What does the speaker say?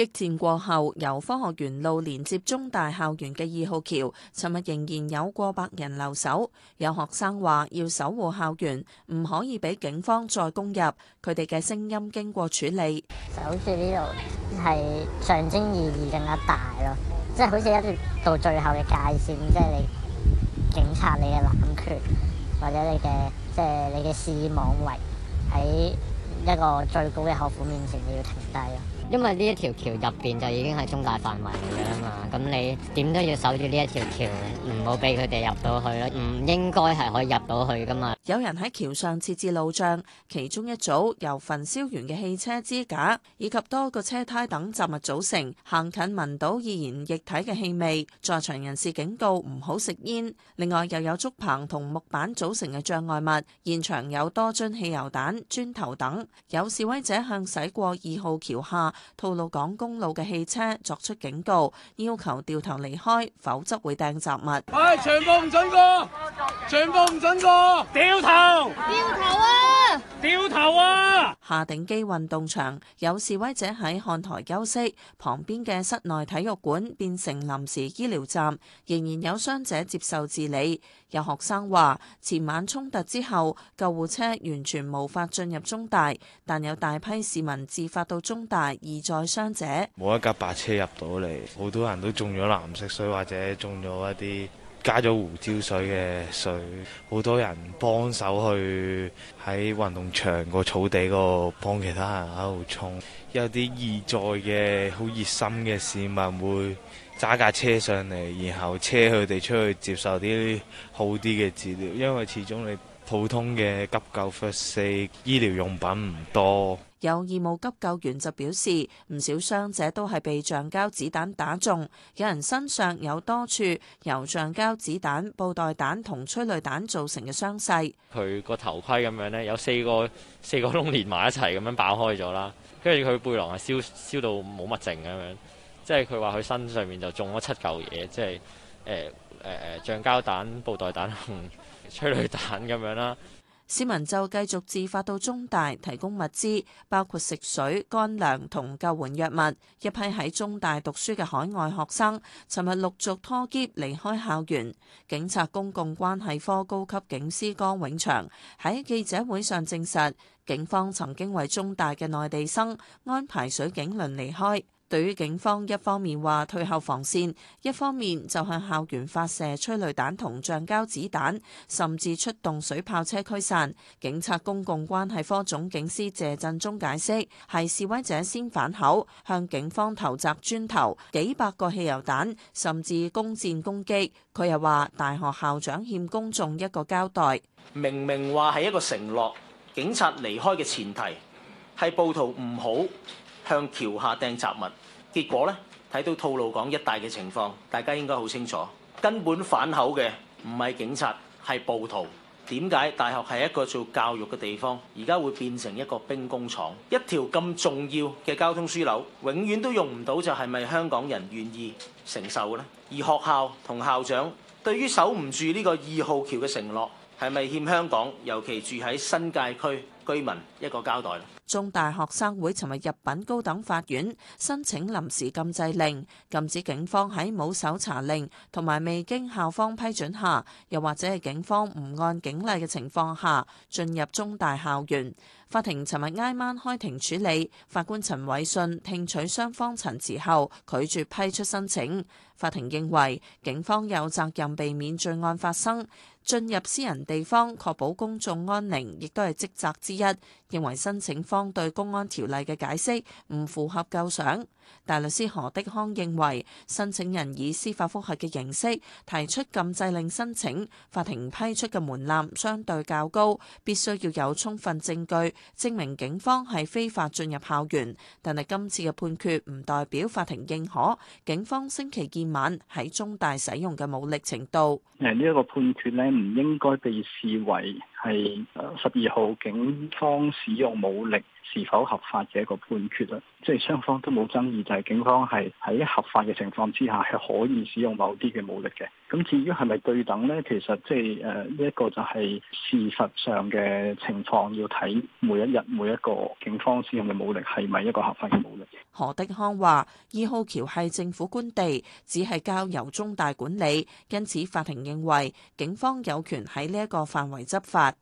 激戰過後，由科學園路連接中大校園嘅二號橋，尋日仍然有過百人留守。有學生話要守護校園，唔可以俾警方再攻入。佢哋嘅聲音經過處理，就好似呢度係象徵意義更加大咯，即係好似一直到最後嘅界線，即係你警察你嘅冷缺或者你嘅即係你嘅視網圍喺一個最高嘅學府面前你要停低。因為呢一條橋入邊就已經係中大範圍嚟嘅啦嘛，咁你點都要守住呢一條橋，唔好俾佢哋入到去啦。唔應該係可以入到去㗎嘛。有人喺橋上設置路障，其中一組由焚燒完嘅汽車支架，以及多個車胎等雜物組成。行近聞到易燃液體嘅氣味，在場人士警告唔好食煙。另外又有竹棚同木板組成嘅障礙物，現場有多樽汽油彈、磚頭等。有示威者向駛過二號橋下吐露港公路嘅汽車作出警告，要求掉頭離開，否則會掟雜物。係、哎、全部唔准過，全部唔准過，掉頭！掉頭啊！掉頭啊！夏鼎基運動場有示威者喺看台休息，旁邊嘅室內體育館變成臨時醫療站，仍然有傷者接受治理。有學生話：前晚衝突之後，救護車完全無法進入中大，但有大批市民自發到中大而載傷者。冇一架白車入到嚟，好多人都中咗藍色水，或者中咗一啲。加咗胡椒水嘅水，好多人幫手去喺運動場個草地嗰度幫其他人喺度沖，有啲意在嘅，好熱心嘅市民會揸架車上嚟，然後車佢哋出去接受啲好啲嘅治療，因為始終你普通嘅急救 first aid 醫療用品唔多。有義務急救員就表示，唔少傷者都係被橡膠子彈打中，有人身上有多處由橡膠子彈、布袋彈同催淚彈造成嘅傷勢。佢個頭盔咁樣呢，有四個四個窿連埋一齊咁樣爆開咗啦。跟住佢背囊係燒燒到冇乜剩咁樣，即係佢話佢身上面就中咗七嚿嘢，即係誒誒誒橡膠彈、布袋彈同催淚彈咁樣啦。市民就繼續自發到中大提供物資，包括食水、乾糧同救援藥物。一批喺中大讀書嘅海外學生，尋日陸續拖喼離開校園。警察公共關係科高級警司江永祥喺記者會上證實，警方曾經為中大嘅內地生安排水警輪離開。對於警方，一方面話退後防線，一方面就向校園發射催淚彈同橡膠子彈，甚至出動水炮車驅散。警察公共關係科總警司謝振中解釋，係示威者先反口，向警方投擲磚頭、幾百個汽油彈，甚至弓箭攻擊。佢又話，大學校長欠公眾一個交代，明明話係一個承諾，警察離開嘅前提係暴徒唔好。向橋下掟雜物，結果呢，睇到吐露港一帶嘅情況，大家應該好清楚，根本反口嘅唔係警察，係暴徒。點解大學係一個做教育嘅地方，而家會變成一個兵工廠？一條咁重要嘅交通樞紐永遠都用唔到，就係咪香港人願意承受呢？而學校同校長對於守唔住呢個二號橋嘅承諾，係咪欠香港尤其住喺新界區居民一個交代。中大學生會尋日入稟高等法院申請臨時禁制令，禁止警方喺冇搜查令同埋未經校方批准下，又或者係警方唔按警例嘅情況下，進入中大校園。法庭尋日挨晚開庭處理，法官陳偉信聽取雙方陳詞後拒絕批出申請。法庭認為警方有責任避免罪案發生，進入私人地方確保公眾安寧亦都係職責之一。一認為申請方對公安條例嘅解釋唔符合構想。大律師何的康認為，申請人以司法覆核嘅形式提出禁制令申請，法庭批出嘅門檻相對較高，必須要有充分證據證明警方係非法進入校園。但係今次嘅判決唔代表法庭認可警方星期二晚喺中大使用嘅武力程度。誒，呢一個判決呢，唔應該被視為。係十二號警方使用武力是否合法嘅一個判決啦，即係雙方都冇爭議，就係、是、警方係喺合法嘅情況之下係可以使用某啲嘅武力嘅。咁至於係咪對等呢？其實即係誒，一、呃這個就係事實上嘅情況要睇每一日每一個警方使用嘅武力係咪一個合法嘅武力。何德康話，二號橋係政府官地，只係交由中大管理，因此法庭認為警方有權喺呢一個範圍執法。